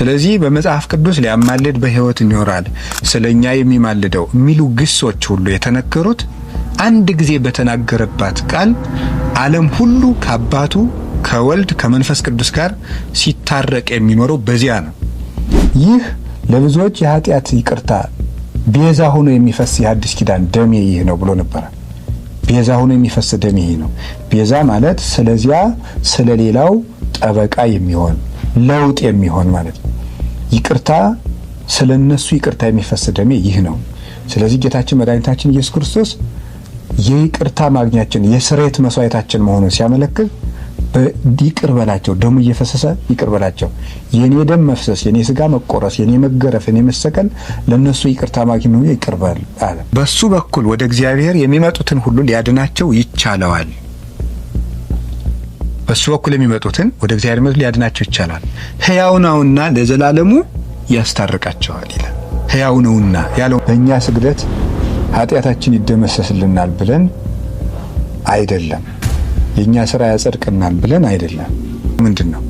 ስለዚህ በመጽሐፍ ቅዱስ ሊያማልድ በህይወት ይኖራል፣ ስለ እኛ የሚማልደው የሚሉ ግሶች ሁሉ የተነገሩት አንድ ጊዜ በተናገረባት ቃል ዓለም ሁሉ ከአባቱ ከወልድ ከመንፈስ ቅዱስ ጋር ሲታረቅ የሚኖረው በዚያ ነው። ይህ ለብዙዎች የኃጢአት ይቅርታ ቤዛ ሆኖ የሚፈስ የአዲስ ኪዳን ደሜ ይህ ነው ብሎ ነበረ። ቤዛ ሆኖ የሚፈስ ደሜ ይህ ነው። ቤዛ ማለት ስለዚያ ስለሌላው ጠበቃ የሚሆን ለውጥ የሚሆን ማለት ነው። ይቅርታ ስለ እነሱ ይቅርታ የሚፈስ ደሜ ይህ ነው። ስለዚህ ጌታችን መድኃኒታችን ኢየሱስ ክርስቶስ የይቅርታ ማግኛችን የስሬት መስዋዕታችን መሆኑን ሲያመለክት ይቅር በላቸው፣ ደሙ እየፈሰሰ ይቅር በላቸው። የኔ ደም መፍሰስ፣ የኔ ስጋ መቆረስ፣ የኔ መገረፍ፣ የኔ መሰቀል ለእነሱ ይቅርታ ማግኘት ይቅር በል አለ። በሱ በኩል ወደ እግዚአብሔር የሚመጡትን ሁሉ ሊያድናቸው ይቻለዋል። በሱ በኩል የሚመጡትን ወደ እግዚአብሔር መት ሊያድናቸው ይቻላል። ሕያው ነውና ለዘላለሙ ያስታርቃቸዋል ይላል። ሕያው ነውና ያለው በእኛ ስግደት ኃጢአታችን ይደመሰስልናል ብለን አይደለም። የእኛ ስራ ያጸድቅናል ብለን አይደለም። ምንድን ነው?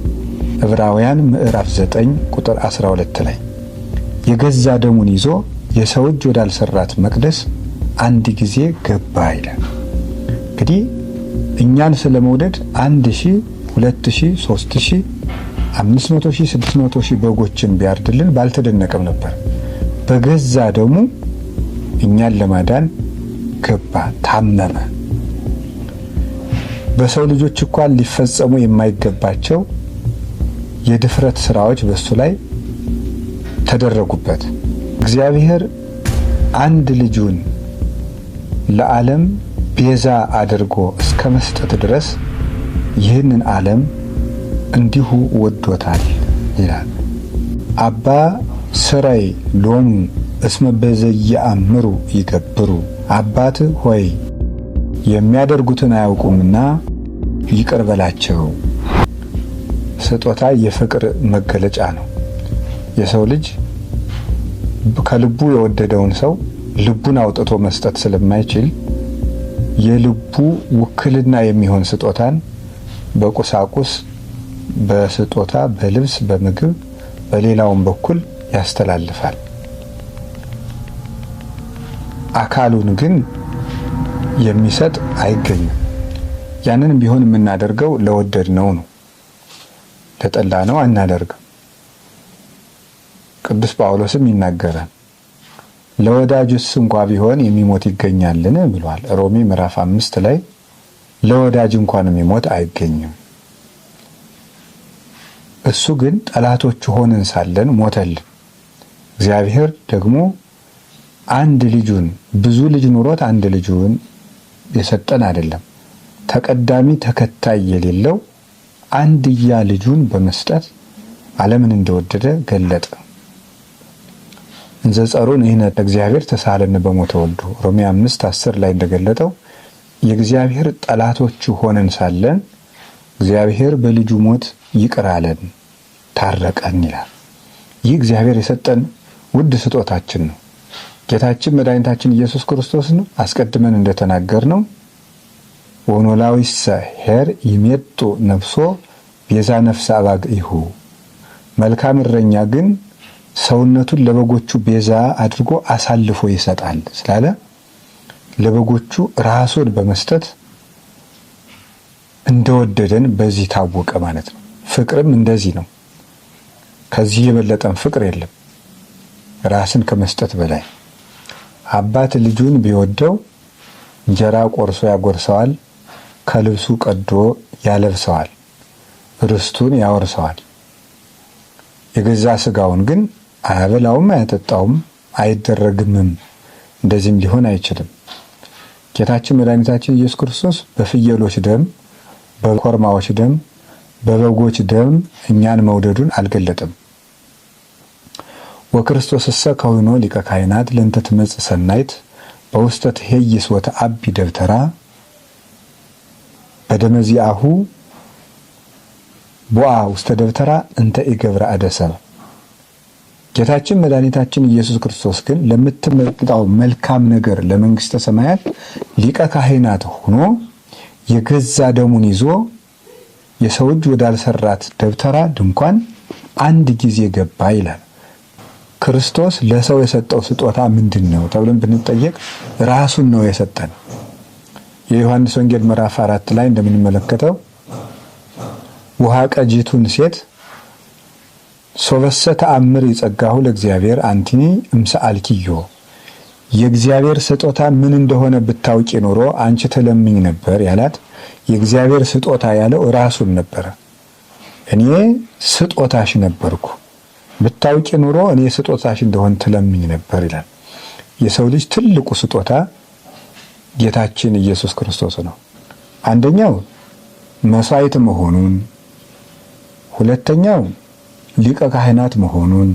ዕብራውያን ምዕራፍ 9 ቁጥር 12 ላይ የገዛ ደሙን ይዞ የሰው እጅ ወዳልሰራት መቅደስ አንድ ጊዜ ገባ ይላል። እንግዲህ እኛን ስለመውደድ አንድ ሺህ ሁለት ሺህ ሶስት ሺህ አምስት መቶ ሺህ ስድስት መቶ ሺህ በጎችን ቢያርድልን ባልተደነቀም ነበር። በገዛ ደሙ እኛን ለማዳን ገባ፣ ታመመ። በሰው ልጆች እንኳን ሊፈጸሙ የማይገባቸው የድፍረት ስራዎች በእሱ ላይ ተደረጉበት። እግዚአብሔር አንድ ልጁን ለዓለም ቤዛ አድርጎ እስከ መስጠት ድረስ ይህንን ዓለም እንዲሁ ወዶታል ይላል። አባ ስራይ ሎሙ እስመ በዘየአምሩ ይገብሩ፣ አባት ሆይ የሚያደርጉትን አያውቁምና ይቅር በላቸው። ስጦታ የፍቅር መገለጫ ነው። የሰው ልጅ ከልቡ የወደደውን ሰው ልቡን አውጥቶ መስጠት ስለማይችል የልቡ ውክልና የሚሆን ስጦታን በቁሳቁስ፣ በስጦታ፣ በልብስ፣ በምግብ፣ በሌላውም በኩል ያስተላልፋል። አካሉን ግን የሚሰጥ አይገኝም። ያንንም ቢሆን የምናደርገው ለወደድ ነው ነው ለጠላ ነው አናደርግም። ቅዱስ ጳውሎስም ይናገራል ለወዳጁስ እንኳ ቢሆን የሚሞት ይገኛልን ብሏል። ሮሜ ምዕራፍ አምስት ላይ ለወዳጅ እንኳን የሚሞት አይገኝም። እሱ ግን ጠላቶች ሆነን ሳለን ሞተልን። እግዚአብሔር ደግሞ አንድ ልጁን ብዙ ልጅ ኑሮት አንድ ልጁን የሰጠን አይደለም፣ ተቀዳሚ ተከታይ የሌለው አንድያ ልጁን በመስጠት ዓለምን እንደወደደ ገለጠ። እንዘጸሩን ይህነት እግዚአብሔር ተሳለን በሞተ ወልዱ ሮሜ አምስት አስር ላይ እንደገለጠው የእግዚአብሔር ጠላቶች ሆነን ሳለን እግዚአብሔር በልጁ ሞት ይቅር አለን፣ ታረቀን ይላል። ይህ እግዚአብሔር የሰጠን ውድ ስጦታችን ነው። ጌታችን መድኃኒታችን ኢየሱስ ክርስቶስ ነው። አስቀድመን እንደተናገር ነው ወኖላዊሰ ሄር ይሜጡ ነፍሶ ቤዛ ነፍሰ ይሁ መልካም እረኛ ግን ሰውነቱን ለበጎቹ ቤዛ አድርጎ አሳልፎ ይሰጣል ስላለ ለበጎቹ ራሱን በመስጠት እንደወደደን በዚህ ታወቀ ማለት ነው። ፍቅርም እንደዚህ ነው። ከዚህ የበለጠን ፍቅር የለም ራስን ከመስጠት በላይ። አባት ልጁን ቢወደው እንጀራ ቆርሶ ያጎርሰዋል፣ ከልብሱ ቀዶ ያለብሰዋል፣ ርስቱን ያወርሰዋል። የገዛ ስጋውን ግን አያበላውም፣ አያጠጣውም፣ አይደረግምም። እንደዚህም ሊሆን አይችልም። ጌታችን መድኃኒታችን ኢየሱስ ክርስቶስ በፍየሎች ደም፣ በኮርማዎች ደም፣ በበጎች ደም እኛን መውደዱን አልገለጥም። ወክርስቶስ እሰ ከሆኖ ሊቀ ካህናት ለእንተ ትመጽእ ሰናይት በውስተ ትሄይስ አቢ ደብተራ በደመ ቦአ ውስተ ደብተራ እንተ ኢገብረ አደሰብ ጌታችን መድኃኒታችን ኢየሱስ ክርስቶስ ግን ለምትመጣው መልካም ነገር ለመንግስተ ሰማያት ሊቀ ካህናት ሆኖ የገዛ ደሙን ይዞ የሰው እጅ ወዳልሰራት ደብተራ ድንኳን አንድ ጊዜ ገባ ይላል። ክርስቶስ ለሰው የሰጠው ስጦታ ምንድን ነው ተብለን ብንጠየቅ ራሱን ነው የሰጠን። የዮሐንስ ወንጌል ምዕራፍ አራት ላይ እንደምንመለከተው ውሃ ቀጂቱን ሴት ሶበሰ ተአምር የጸጋሁ ለእግዚአብሔር አንቲኒ እምሰአልኪዮ የእግዚአብሔር ስጦታ ምን እንደሆነ ብታውቂ ኖሮ አንቺ ትለምኝ ነበር ያላት። የእግዚአብሔር ስጦታ ያለው ራሱን ነበረ። እኔ ስጦታሽ ነበርኩ፣ ብታውቂ ኑሮ እኔ ስጦታሽ እንደሆን ትለምኝ ነበር ይላል። የሰው ልጅ ትልቁ ስጦታ ጌታችን ኢየሱስ ክርስቶስ ነው። አንደኛው መሥዋዕት መሆኑን፣ ሁለተኛው ሊቀ ካህናት መሆኑን፣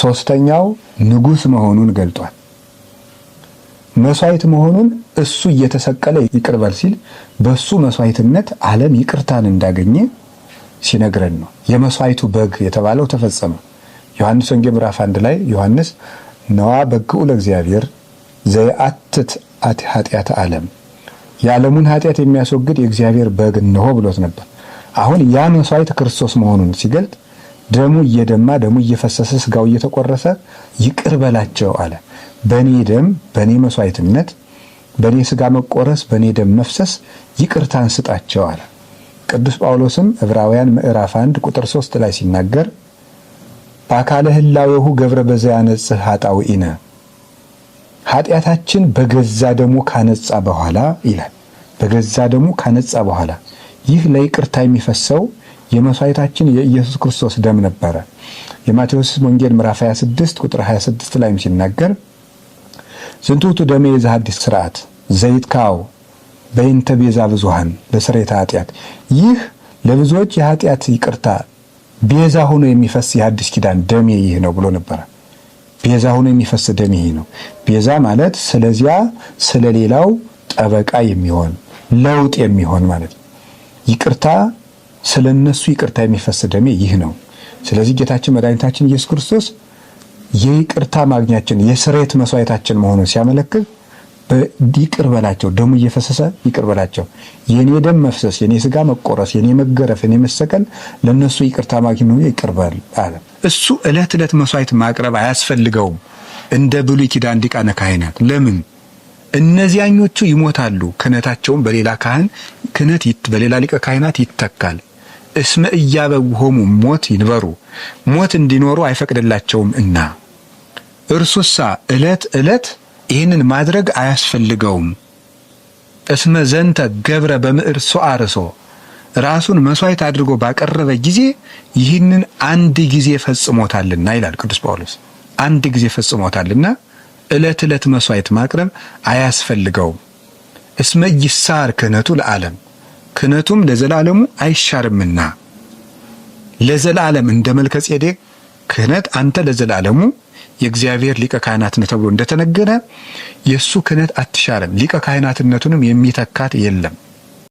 ሶስተኛው ንጉሥ መሆኑን ገልጧል። መሥዋዕት መሆኑን እሱ እየተሰቀለ ይቅርበል ሲል በእሱ መሥዋዕትነት ዓለም ይቅርታን እንዳገኘ ሲነግረን ነው። የመሥዋዕቱ በግ የተባለው ተፈጸመ። ዮሐንስ ወንጌ ምዕራፍ አንድ ላይ ዮሐንስ ነዋ በግኡ ለእግዚአብሔር ዘየአትት ኃጢአት ዓለም የዓለሙን ኃጢአት የሚያስወግድ የእግዚአብሔር በግ እንሆ ብሎት ነበር። አሁን ያ መሥዋዕት ክርስቶስ መሆኑን ሲገልጥ ደሙ እየደማ ደሙ እየፈሰሰ ስጋው እየተቆረሰ ይቅር በላቸው አለ። በእኔ ደም በእኔ መስዋዕትነት በእኔ ስጋ መቆረስ በእኔ ደም መፍሰስ ይቅርታን ስጣቸው አለ። ቅዱስ ጳውሎስም ዕብራውያን ምዕራፍ 1 ቁጥር 3 ላይ ሲናገር በአካለ ህላዌሁ ገብረ በዛ ያነጽህ ኃጣውኢነ ኃጢአታችን በገዛ ደሙ ካነጻ በኋላ ይላል። በገዛ ደሙ ካነጻ በኋላ ይህ ለይቅርታ የሚፈሰው የመስዋዕታችን የኢየሱስ ክርስቶስ ደም ነበረ። የማቴዎስ ወንጌል ምዕራፍ 26 ቁጥር 26 ላይም ሲናገር ዝንቱ የዛ ደሜ ስርዓት ዘይት ካው በይንተ ቤዛ ብዙሃን ለስርየተ ኃጢአት። ይህ ለብዙዎች የኃጢአት ይቅርታ ቤዛ ሆኖ የሚፈስ የአዲስ ኪዳን ደሜ ይህ ነው ብሎ ነበረ። ቤዛ ሆኖ የሚፈስ ደሜ ይህ ነው። ቤዛ ማለት ስለዚያ ስለሌላው ጠበቃ የሚሆን ለውጥ የሚሆን ማለት ይቅርታ ስለ እነሱ ይቅርታ የሚፈስ ደሜ ይህ ነው። ስለዚህ ጌታችን መድኃኒታችን ኢየሱስ ክርስቶስ የይቅርታ ማግኛችን የስሬት መስዋዕታችን መሆኑን ሲያመለክት ይቅር በላቸው፣ ደሙ እየፈሰሰ ይቅር በላቸው፣ የእኔ ደም መፍሰስ፣ የእኔ ስጋ መቆረስ፣ የእኔ መገረፍ፣ የኔ መሰቀል ለእነሱ ይቅርታ ማግኘት ነው። ይቅር በል አለ። እሱ ዕለት ዕለት መስዋዕት ማቅረብ አያስፈልገውም እንደ ብሉይ ኪዳን ሊቃነ ካህናት። ለምን እነዚያኞቹ ይሞታሉ፣ ክህነታቸውም በሌላ ካህን ክህነት በሌላ ሊቀ ካህናት ይተካል። እስመ እያበው ሆሙ ሞት ይንበሩ ሞት እንዲኖሩ አይፈቅድላቸውም እና እርሱሳ ዕለት ዕለት ይህንን ማድረግ አያስፈልገውም። እስመ ዘንተ ገብረ በምዕር ሶአርሶ ራሱን መሥዋዕት አድርጎ ባቀረበ ጊዜ ይህንን አንድ ጊዜ ፈጽሞታልና ይላል ቅዱስ ጳውሎስ። አንድ ጊዜ ፈጽሞታልና ዕለት ዕለት መሥዋዕት ማቅረብ አያስፈልገውም። እስመ ይሳር ክህነቱ ለዓለም ክህነቱም ለዘላለሙ አይሻርምና ለዘላለም እንደ መልከ ጼዴቅ ክህነት አንተ ለዘላለሙ የእግዚአብሔር ሊቀ ካህናት ተብሎ እንደተነገረ የእሱ ክህነት አትሻርም። ሊቀ ካህናትነቱንም የሚተካት የለም።